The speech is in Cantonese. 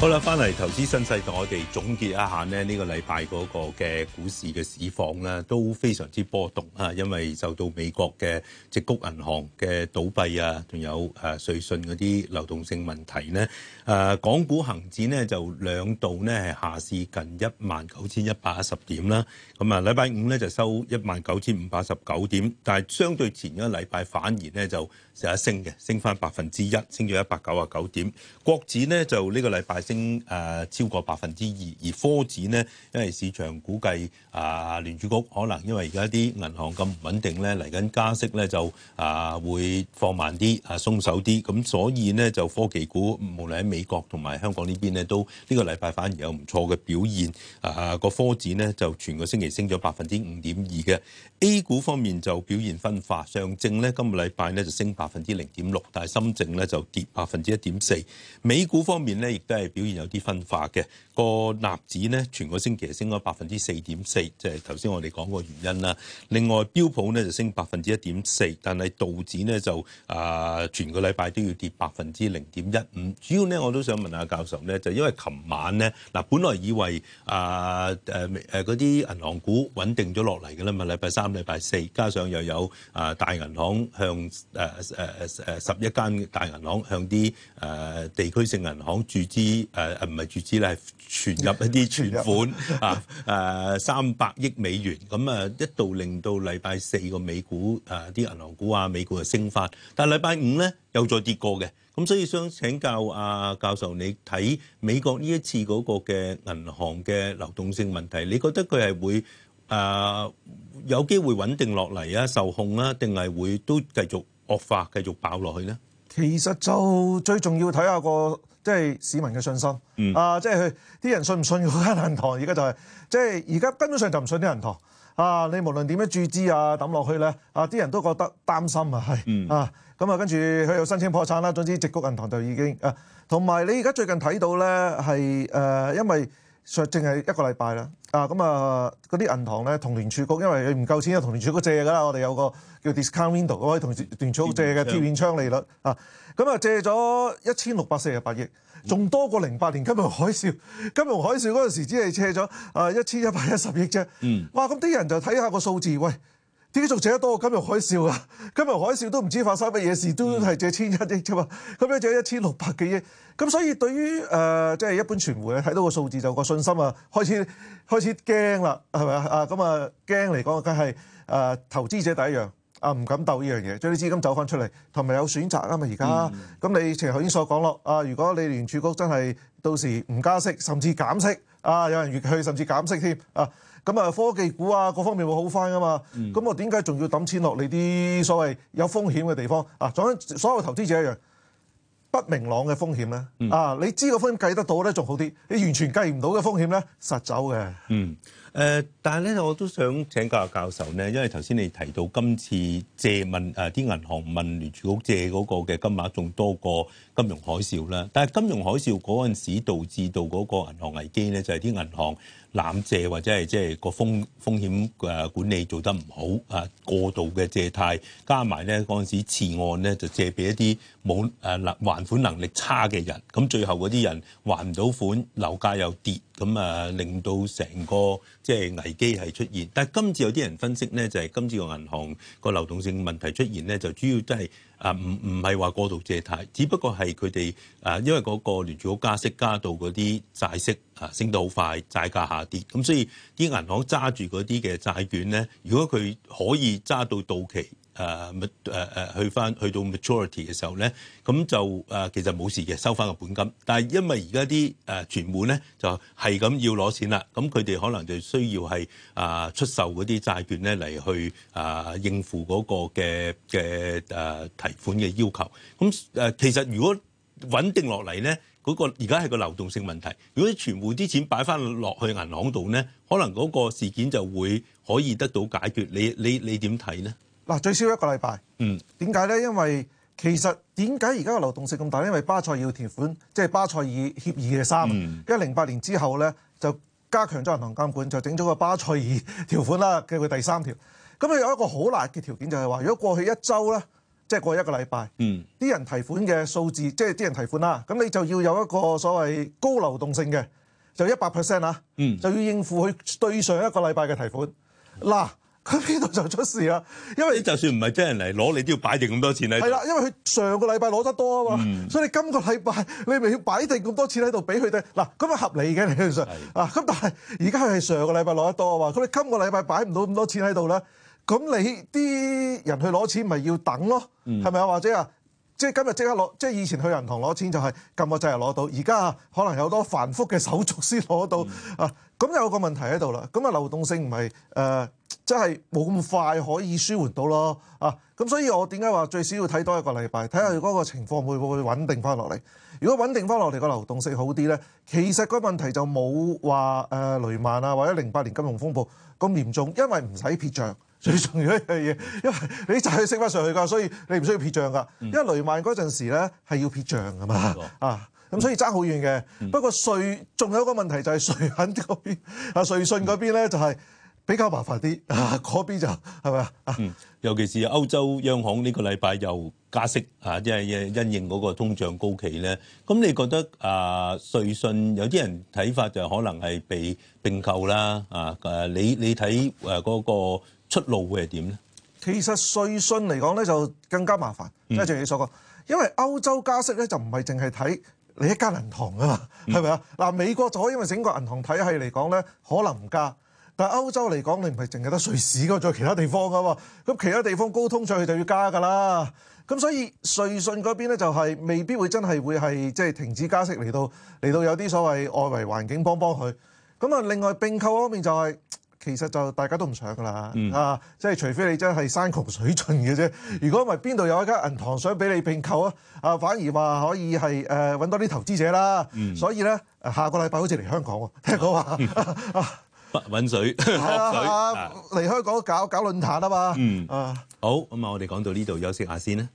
好啦，翻嚟投資新世代，我哋總結一下咧，呢個禮拜嗰個嘅股市嘅市況咧都非常之波動啊！因為受到美國嘅矽谷銀行嘅倒閉啊，仲有誒瑞信嗰啲流動性問題咧，誒港股恆指咧就兩度咧係下市近一萬九千一百一十點啦。咁啊，禮拜五咧就收一萬九千五百十九點，但係相對前一個禮拜反而咧就成日升嘅，升翻百分之一，升咗一百九十九點。國指咧就呢個禮拜，升誒超過百分之二，而科指呢，因為市場估計啊，聯儲局可能因為而家啲銀行咁唔穩定咧，嚟緊加息咧就啊會放慢啲啊鬆手啲，咁所以呢，就科技股無論喺美國同埋香港呢邊呢，都呢個禮拜反而有唔錯嘅表現啊，個科指呢，就全個星期升咗百分之五點二嘅，A 股方面就表現分化，上證呢，今個禮拜呢，就升百分之零點六，但係深證呢，就跌百分之一點四，美股方面呢，亦都係，表現有啲分化嘅，個納指咧全個星期係升咗百分之四點四，就係頭先我哋講過原因啦。另外標普咧就升百分之一點四，但係道指咧就啊、呃、全個禮拜都要跌百分之零點一五。主要咧我都想問下教授咧，就因為琴晚咧嗱，本來以為啊誒誒嗰啲銀行股穩定咗落嚟嘅啦嘛，禮拜三、禮拜四，加上又有啊、呃、大銀行向誒誒誒十一間大銀行向啲誒、呃、地區性銀行注資。誒誒唔係注資啦，係存入一啲存款啊！誒三百億美元咁啊，一度令到禮拜四個美股誒啲銀行股啊，美股啊升翻。但係禮拜五咧又再跌過嘅。咁所以想請教阿教授，你睇美國呢一次嗰個嘅銀行嘅流動性問題，你覺得佢係會誒有機會穩定落嚟啊，受控啊，定係會都繼續惡化，繼續爆落去呢？其實就最重要睇下個。即係市民嘅信心啊！即係啲人信唔信間銀行？而家就係、是、即係而家根本上就唔信啲銀行啊！你無論點樣注資啊、抌落去咧啊，啲人都覺得擔心啊，係啊！咁啊，跟住佢又申請破產啦。總之，矽谷銀行就已經啊，同埋你而家最近睇到咧係誒，因為。上淨係一個禮拜啦，啊咁啊嗰啲銀行咧同聯儲局，因為佢唔夠錢，有同聯儲局借㗎啦。我哋有個叫 discount window，我可以同聯儲局借嘅貼現窗利率啊。咁啊借咗一千六百四十八億，仲多過零八年金融海嘯。金融海嘯嗰陣時只係借咗啊一千一百一十億啫。嗯，哇！咁啲人就睇下個數字，喂。點解仲借得多今？今日海嘯啊！今日海嘯都唔知道發生乜嘢事，都係借 1,、嗯、千一億啫嘛！咁樣借一千六百幾億，咁所以對於誒即係一般傳媒咧，睇到個數字就個信心啊，開始開始驚啦，係咪啊？咁啊驚嚟講，梗係誒投資者第一樣啊，唔敢鬥呢樣嘢，將啲資金走翻出嚟，同埋有選擇啊嘛而家。咁、嗯、你頭先所講咯，啊如果你聯儲局真係到時唔加息，甚至減息，啊有人越去，甚至減息添啊！咁啊，科技股啊，各方面會好翻噶嘛。咁我點解仲要抌錢落你啲所謂有風險嘅地方啊？仲有，所有投資者一樣。不明朗嘅風險咧，啊，你知個風險計得到咧仲好啲，你完全計唔到嘅風險咧，實走嘅。嗯，誒，但係咧我都想請教下教授咧，因為頭先你提到今次借問誒啲銀行問聯儲局借嗰個嘅金額仲多過金融海嘯啦，但係金融海嘯嗰陣時導致到嗰個銀行危機咧，就係啲銀行濫借或者係即係個風風險誒管理做得唔好，誒過度嘅借貸，加埋咧嗰陣時次按咧就借俾一啲冇誒立還，還款能力差嘅人，咁最後嗰啲人還唔到款，樓價又跌，咁啊令到成個即係危機係出現。但係今次有啲人分析咧，就係今次個銀行個流動性問題出現咧，就主要都係啊唔唔係話過度借貸，只不過係佢哋啊因為嗰個聯儲局加息加到嗰啲債息啊升得好快，債價下跌，咁所以啲銀行揸住嗰啲嘅債券咧，如果佢可以揸到到期，誒 met 誒誒去翻去到 maturity 嘅時候咧，咁就誒其實冇事嘅，收翻個本金。但係因為而家啲誒存款咧就係咁要攞錢啦，咁佢哋可能就需要係誒出售嗰啲債券咧嚟去誒應付嗰個嘅嘅誒提款嘅要求。咁誒其實如果穩定落嚟咧，嗰個而家係個流動性問題。如果存款啲錢擺翻落去銀行度咧，可能嗰個事件就會可以得到解決。你你你點睇咧？嗱，最少一個禮拜。點解呢？因為其實點解而家嘅流動性咁大呢？因為巴塞爾條款，即係巴塞爾協議嘅三、嗯。因為零八年之後呢，就加強咗銀行監管，就整咗個巴塞爾條款啦，叫佢第三條。咁佢有一個好難嘅條件，就是，就係話如果過去一周呢，即、就、係、是、過去一個禮拜，啲、嗯、人提款嘅數字，即係啲人提款啦，咁你就要有一個所謂高流動性嘅，就一百 percent 啦，就要應付佢對上一個禮拜嘅提款。嗱。喺邊度就出事啊？因為你就算唔係真人嚟攞，你都要擺定咁多錢喺度。係啦，因為佢上個禮拜攞得多啊嘛、嗯，所以你今個禮拜你咪要擺定咁多錢喺度俾佢哋。嗱，咁啊合理嘅理論上啊，咁但係而家佢係上個禮拜攞得多啊嘛，佢哋今個禮拜擺唔到咁多錢喺度咧，咁你啲人去攞錢咪要等咯？係咪啊？或者啊，即係今日即刻攞，即係以前去銀行攞錢就係撳個掣就攞到，而家可能有好多繁複嘅手續先攞到、嗯、啊。咁有個問題喺度啦，咁啊流動性唔係誒。呃真係冇咁快可以舒緩到咯啊！咁所以我點解話最少要睇多一個禮拜，睇下嗰個情況會唔會穩定翻落嚟？如果穩定翻落嚟個流動性好啲呢，其實個問題就冇話雷曼啊或者零八年金融風暴咁嚴重，因為唔使撇帳。最重要一樣嘢，因為你就係升翻上去㗎，所以你唔需要撇帳㗎。因為雷曼嗰陣時呢，係要撇帳㗎嘛、嗯、啊！咁所以爭好遠嘅、嗯。不過瑞仲有一個問題就係瑞銀嗰邊呢、就是、瑞信嗰邊就係。比較麻煩啲，嗰邊就係咪啊？尤其是歐洲央行呢個禮拜又加息啊，即係因應嗰個通脹高企咧。咁你覺得啊，瑞信有啲人睇法就可能係被併購啦啊？誒，你你睇誒嗰個出路會係點咧？其實瑞信嚟講咧就更加麻煩，即係正如你所講，因為歐洲加息咧，就唔係淨係睇你一家銀行啊嘛，係咪啊？嗱，美國就可以因為整個銀行體系嚟講咧，可能唔加。但歐歐洲嚟講，你唔係淨係得瑞士嗰個，仲有其他地方噶喎。咁其他地方高通上去就要加噶啦。咁所以瑞信嗰邊咧，就係、是、未必會真係會係即係停止加息，嚟到嚟到有啲所謂外圍環境幫幫佢。咁啊，另外並購嗰方面就係、是、其實就大家都唔想噶啦、嗯、啊，即係除非你真係山窮水盡嘅啫。如果唔係邊度有一間銀行想俾你並購啊？啊，反而話可以係誒揾多啲投資者啦。嗯、所以咧，下個禮拜好似嚟香港，聽講話。啊啊不揾水，啊學水啊，離香港搞搞論壇啊嘛。嗯，啊，好，咁啊，我哋講到呢度休息下先啦。